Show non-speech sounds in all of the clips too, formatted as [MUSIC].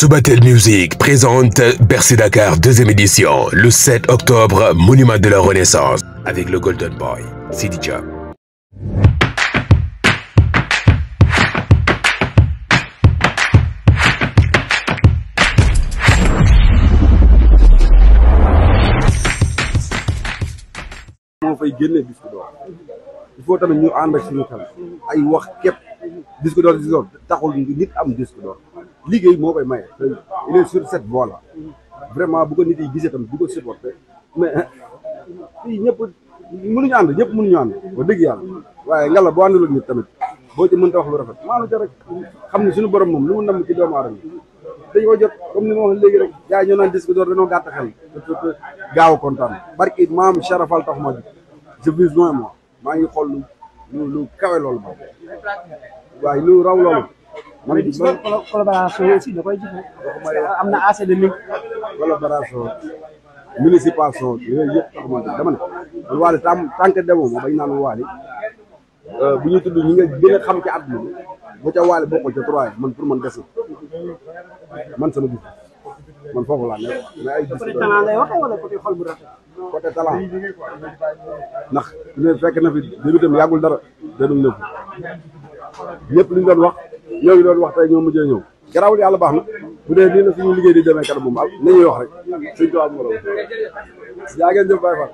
Subatel Music présente Bercy Dakar deuxième édition le 7 octobre Monument de la Renaissance avec le Golden Boy Sidi Diop. moo fay génne disque d'or il faut tamit ñu ànd ak suñu xel ay wax képp disque d'or disque d'or taxul nit am disque d'or liggéey moo koy maye il est sur cette vraiment bu ko nit yi gisee tamit bu ko supporté mais [LAUGHS] fii ñëpp mënuñu ànd ñëpp mënuñu ànd ba dëgg yàlla waaye ngalla boo àndul ak nit tamit boo ci mënta wax lu rafet maanu ca rek xam ne suñu borom moom lu mu namm ci doomu aadama dañ ko jot comme ni ma wax léegi rek yaa ñoo naan disque d'or dañoo gàtt xel gaaw a kontaan barki maam Charafal tax ma ji je vis loin moi maa ngi xool lu lu kawe loolu ba lu man gis nga collaboration aussi da koy jëfee. am na assez de link. collaboration municipation yooyu yëpp taxuma ne dama man waale tam tant que demoo bañ naan waale euh, bu ñuy tudd ñi nga gën a xam ci àdduna bi bu ca waale bokkul ca trois man pour man des man sama gis man foofu laa nekk ay gis. côté ndax su fekk na fi débutam yàggul dara 2009 ñëpp li doon wax. yooyu doon wax tey ñoo mujjee ñëw garaawul yàlla baax na bu dee nii la suñu liggéey di demee kanam moom ak ah, nañuy wax rek suñ tubaab moroom yaa ngeen jëf Baye Fall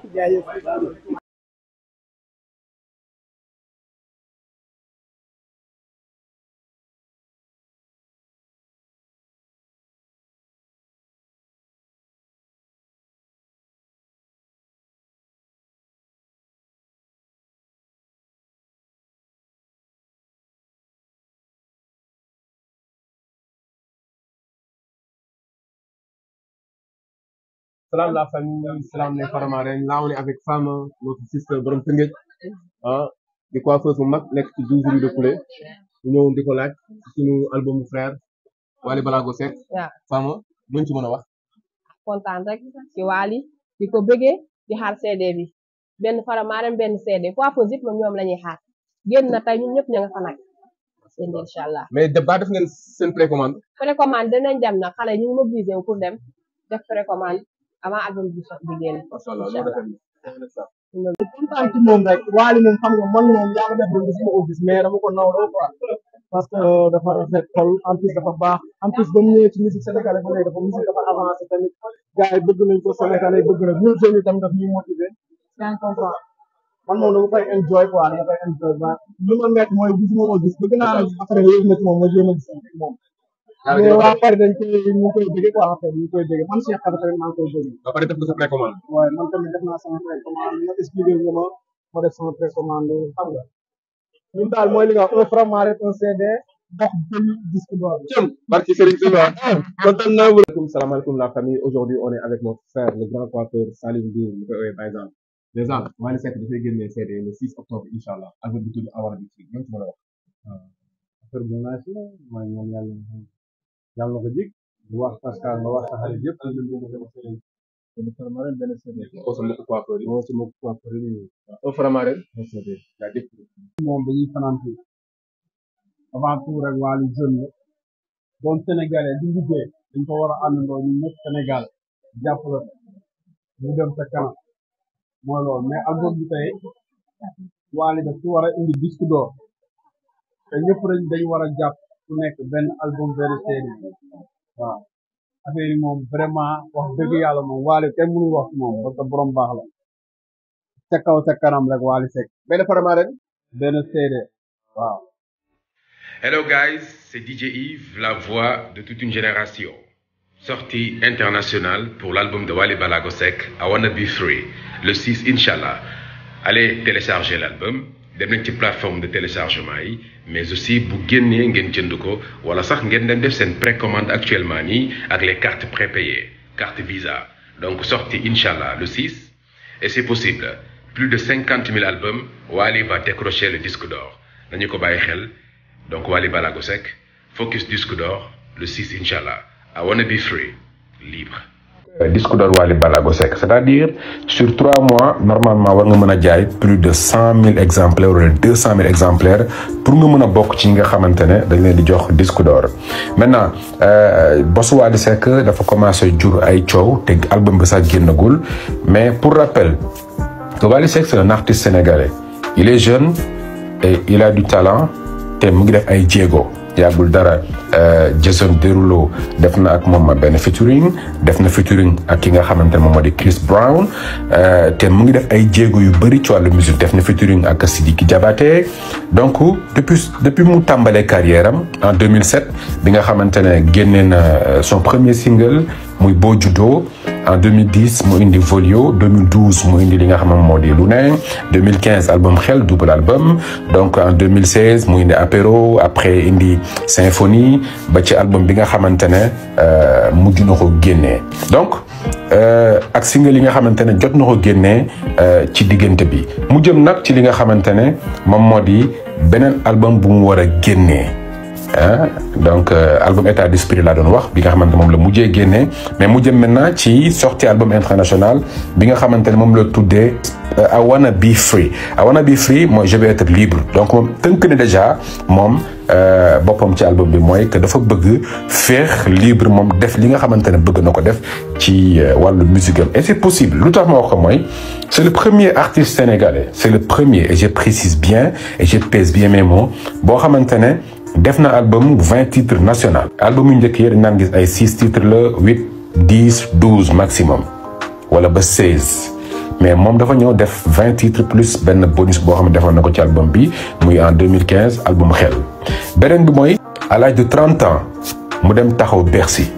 salaam la famille salaam les Faramareen là on est avec Fama notre sister borom Tëngéej ah di coiffeuse bu mag nekk de Poulet ñu ñëwoon di ko laaj suñu album frère Wally Balago Seck. waaw Fama luñ ci mën a wax. rek ci Wally di ko di xaar CD bi benn Faramareen benn CD coiffeuse yëpp ñoom la ñuy xaar génn na tey ñun ñëpp ña fa nag. incha allah mais de ba précommande. précommande dinañ dem nag xale ñu ngi mobilisé pour dem def précommande. avant album bi sax di génn kontaan ci moom rek waali moom xam nga man moom yàlla def nañ sama office mais dama ko nawloo quoi parce que euh, dafa rafet tol en plus dafa baax en plus ba mu ñëwee ci musique sénégalais ba léegi dafa dafa avancé tamit gars bëgg nañ ko sénégalais bëgg na ñun jeunes yi tamit daf ñuy motiver cinq comprend man moom dama koy enjoy quoi dama koy enjoy ba li ma metti mooy gisuma ko bëgg naa nag après yëg na ci moom ma jéem a gis moom waaw pare dañ koy man Cheikh Khady tamit maa ngi koy bëgg. ba pare def nga sa précommande. waaye man tamit def naa sama précommande ñu ma ma def sama précommande xam nga ñun daal mooy li nga wax la famille aujourd'hui on est avec mon frère le grand coiffeur Salim Diour ñu koy ooyee Baye déjà Wally Seck dafay génnee CD le 6 octobre incha allah album bi tudd Awara bi ci ñoom ci ma la wax. waaw ah, affaire bi naa si mooy ñoom yàlla yàlla na ko bu wax Pascal nga wax sa xarit yëpp moom dañuy fanaan fii avant tout rek waa li jeune la doon sénégalais di liggéey dañ ko war a àndandoo ñu ñëpp sénégal jàppale mu dem sa kanam mooy loolu mais album bi tey waa li daf indi disque d'or te ñëpp dañ dañ war a ku nekk benn album benn CD waaw moom vraiment wax dëgg yàlla moom Wally kenn mënu wax moom parce que borom baax la ca kaw ca kanam rek Wally Seck benn farama ren benn CD waaw Hello guys, c'est DJ Yves, la voix de toute une génération. Sortie internationale pour l'album de Wally Balago Seck, I le 6 Inch'Allah. télécharger l'album. dem nañ ci plateforme de téléchargement yi mais aussi bu génnee ngeen jënd ko wala sax ngeen dem def seen précommande actuellement nii ak les cartes prépayées carte Visa donc sorti incha allah le 6 et c'est possible plus de cinquante mille albums Wally va décrocher le disque d'or dañu ko bàyyi xel donc Wally Balago Seck focus disque d'or le 6 incha allah I wanna be free libre Euh, disque d'or Wally Ballago Seck c'est-à-dire sur trois mois normalement war nga mën a jaay plus de cent mille exemplaires wala deux cent mille pour nga mën a bokk ci ñi nga xamante ne dañ leen di jox disque d'or maintenant euh, bosu Wally Seck dafa commencé jur ay coow te album bi sax génnagul mais pour rappel que Wally Seck c'est un artiste sénégalais il est jeune et il a du talent te mu ngi def ay jéego. yàggul dara euh, Jason Derulo def na ak moom benn featuring def na featuring ak ki nga xamante ne moom moo di Chris Brown euh, te mu ngi def ay jéego yu bëri ci wàllu musique def na featuring ak Sidiki Diabaté donc depuis depuis mu tàmbalee carrière am en 2007 bi nga xamante ne génne na euh, son premier single muy Boo Juddoo en 2010 mu indi Volio 2012 mu indi li nga xam ne moo di Lunin 2015 album xel double album donc en 2016 mu indi apéro après indi symphonie ba ci album bi nga xamante ne euh, mujj na ko génnee donc euh, ak single li nga xamante ne jot na ko génnee euh, ci diggante bi mu jëm nag ci li nga xamante ne moom moo di beneen album bu mu war a Euh, donc euh, album état d'esprit laa doon wax bi nga xamante moom la mujjee génnee mais mu jëm maintenant ci sorti album international bi nga xamante ne moom la tuddee euh, I wanna be free a wanna be free mooy je vais être libre donc moom tënk ne déjà moom boppam ci album bi mooy que dafa bëgg féex libre moom def li nga xamante ne bëgg na ko def ci wàllu musique am et c'est possible lu tax ma wax ko mooy c'est le premier artiste sénégalais c'est le premier et je précise bien et je pèse bien mes mots boo xamante ne def na album vingt titres national album yu njëkk yi dañ naan gis ay six titres la huit dix douze maximum wala ba seize mais moom dafa ñëw def vingt titres plus benn bonus boo xam ne defoon na ko ci album bi muy en 2015 album xel beneen bi mooy à l'âge de trente ans mu dem taxaw Bercy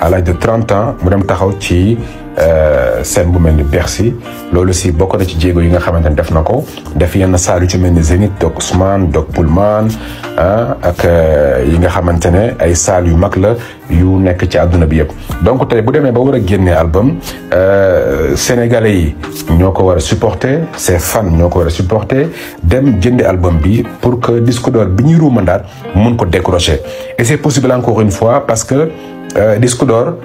à l'âge de trente ans mu dem taxaw ci Euh, scène bu mel ni Bercy loolu si bokk na ci jéego yi nga xamante ne def na ko def yenn saal yu ci mel ni Zénith dog Ousmane Doc Pullman ah, ak euh, yi nga xamante ne ay saal yu mag la yu nekk ci àdduna bi yëpp. donc tey bu demee ba war a génnee album euh, sénégalais yi ñoo ko war a supporter ses fan ñoo ko war a supporter dem jëndi album bi pour que disque door bi ñuy ruumandaat mun ko décrocher et c'est possible encore une fois parce que disque d'or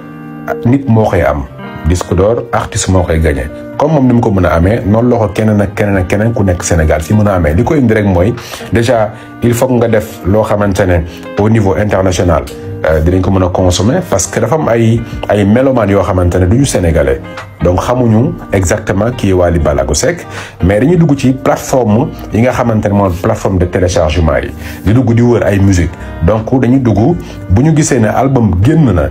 nit moo koy am. disque d'or artiste moo koy gagné comme moom ni mu ko mën a amee noonu la ko keneen ak keneen ak ku nekk Sénégal si mën a amee li ko indi rek mooy déjà il faut nga def loo xamante ne au niveau international euh, dinañ ko mën a consommer parce que dafa am ay ay mélomanes yoo xamante ne du ñu sénégalais donc xamuñu exactement kii est Wally Ballago Seck mais dañuy dugg ci plateforme yi nga xamante ne mooy plateforme de téléchargement yi di dugg di wër ay musique donc dañuy dugg bu ñu gisee ne album génn na.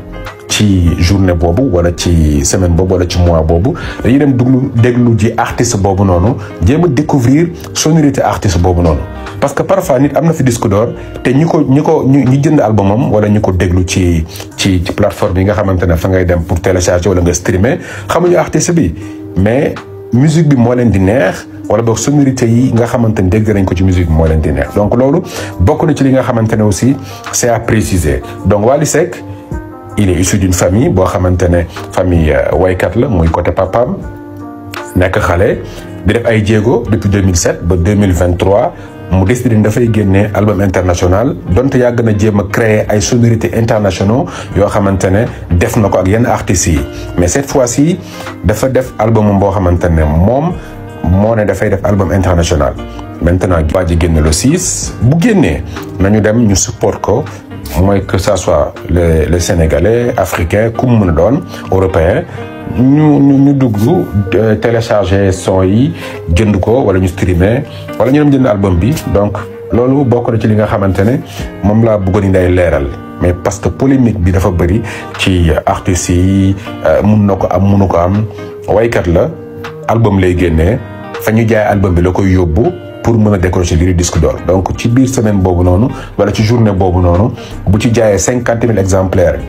ci journée boobu wala ci semaine boobu wala ci mois boobu dañu dem duglu déglu ji artiste boobu noonu jéem a découvrir sonorité artiste boobu noonu parce que parfois nit am na fi disque d'or te ñi ko ñi ko ñi jënd albumam wala ñi ko déglu ci ci ci plateforme yi nga xamante ne fa ngay dem pour télécharger wala nga streamer xamuñu artiste bi mais musique bi moo leen di neex wala boog sonorité yi nga xamante ne dégg nañ ko ci musique bi moo leen di neex donc loolu bokk na ci li nga xamante ne aussi c'est à préciser donc il est issu d'une famille boo xamante ne famille euh, waykat la muy côté papaam nekk xale di def ay jéego depuis 2007 ba 2023 mu décidé ni dafay génnee album international donte yàgg na jéem a créer ay sonorités internationaux yoo xamante ne def na ko ak yenn artistes yi mais cette fois-ci dafa def album boo xamante ne moom moo ne dafay def album international maintenant baa ji génn le 6 bu génnee nañu dem ñu support ko mooy que ça soit le les africain africains mu mën a doon européen ñu ñu ñu dugg euh, télécharger son yi jënd ko wala ñu streamer wala ñu dem jënd album bi donc loolu bokk na ci li nga xamante ne moom laa bëggoon ni day leeral mais parce que polémique bi dafa bëri ci artistes yi euh, mun na ko am munu ko am waykat la album lay génnee fa ñu jaay album bi la koy yóbbu. pour mun a décrocher li di disque d'or donc ci biir semaine boobu noonu wala ci journée boobu noonu bu ci jaayee cinquante mille exemplaires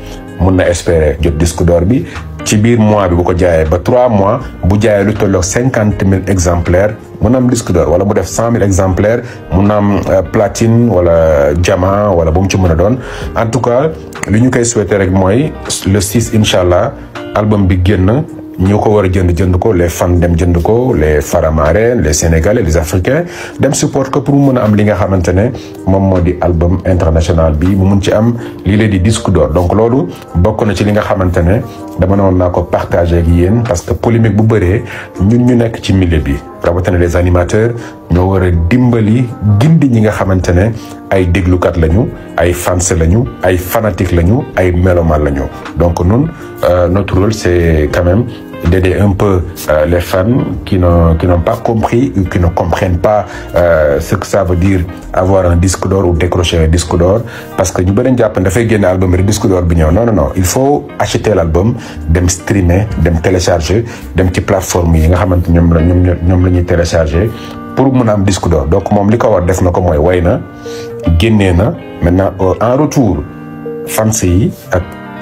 mun na espérer jot disque d'or bi ci biir mois bi bu ko jaayee ba trois mois bu jaayee lu tolloog cinquante mille exemplaires mun naam am disque d'or wala mu def cent mille exemplaires mun na am euh, platine wala euh, diamant wala bu mu ci mën a doon en tout cas li ñu koy souhaiter rek mooy le six incha allah album bi génn. ñu ko war a jënd jënd ko les fan dem jënd ko les faramaren les sénégalais les africains dem support ko pour mu mën a am li nga xamante ne moom moo di album international bi mu mun ci am lii lee di disque door donc loolu bokk na ci li nga xamante ne dama ne woon naa ko partagé ak yéen parce que polémique bu bëree ñun ñu nekk ci milieu bi. rawatina les animateurs ñoo war a dimbali gindi ñi nga xamante ne ay déglukat lañu ay fans lañu ay fanatiques lañu ay mélomanes lañu donc ñun euh, notre rôle c'est quand même d'aider un euh, les femmes qui n'ont pas compris ou qui ne comprennent pas euh, ce que ça veut dire avoir un disque d'or ou parce que ñu bëri jàpp ne dafay génne album rek disque d'or bi ñëw non non non il faut acheter l'album dem streamer dem télécharger dem ci plateforme yi nga xamante ñoom la ñoom ñoom la ñuy télécharger pour mu a am disque d'or donc moom li ko war def na ko mooy way na génnee na maintenant en retour fans yi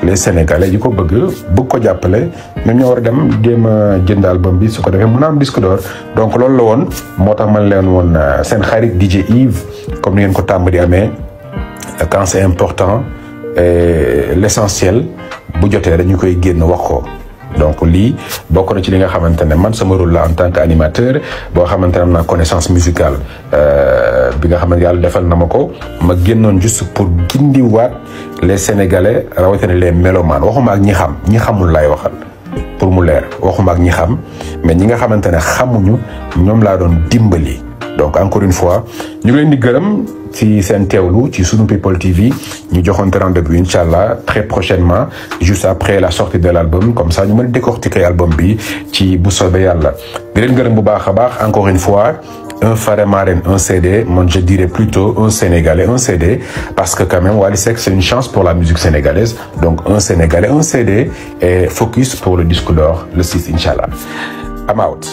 les sénégalais yi ko bëgg bëgg ko jàppale ñoom ñoo war a dem jéem a jëndaal bam bi su ko defee mun a am disque d'or donc loolu la woon moo tax man leen woon euh, seen xarit DJ Yves comme ni ngeen ko tàmm di amee euh, quand c'est important euh, l'essentiel bu jotee rek ñu koy génn wax ko. donc lii bokk na ci li nga xamante ne man sama rôle la en tant que animateur boo xamante ne am naa connaissance musicale euh, bi nga xam ne yàlla defal na ma ko ma génnoon juste pour gindiwaat les sénégalais rawatina les mélomanes waxuma ak ñi xam ñi xamul laay waxal pour mu leer waxuma ak ñi xam mais ñi nga xamante ne xamuñu ñoom laa doon dimbali. donc encore une fois ñu ngi leen di gërëm ci seen teewlu ci sunu People TV ñu joxoon rendez-vous incha allah très prochainement juste après la sortie de l' comme ça ñu mën a décortiquer album bi ci bu soobee yàlla di gërëm bu baax a baax encore une fois. un Faremaren, un CD, moi je dirais plutôt un Sénégalais, un CD, parce que quand même Wally Seck c'est une chance pour la musique sénégalaise, donc un Sénégalais, un CD, et focus pour le disque d'or, le 6 Inch'Allah. I'm out.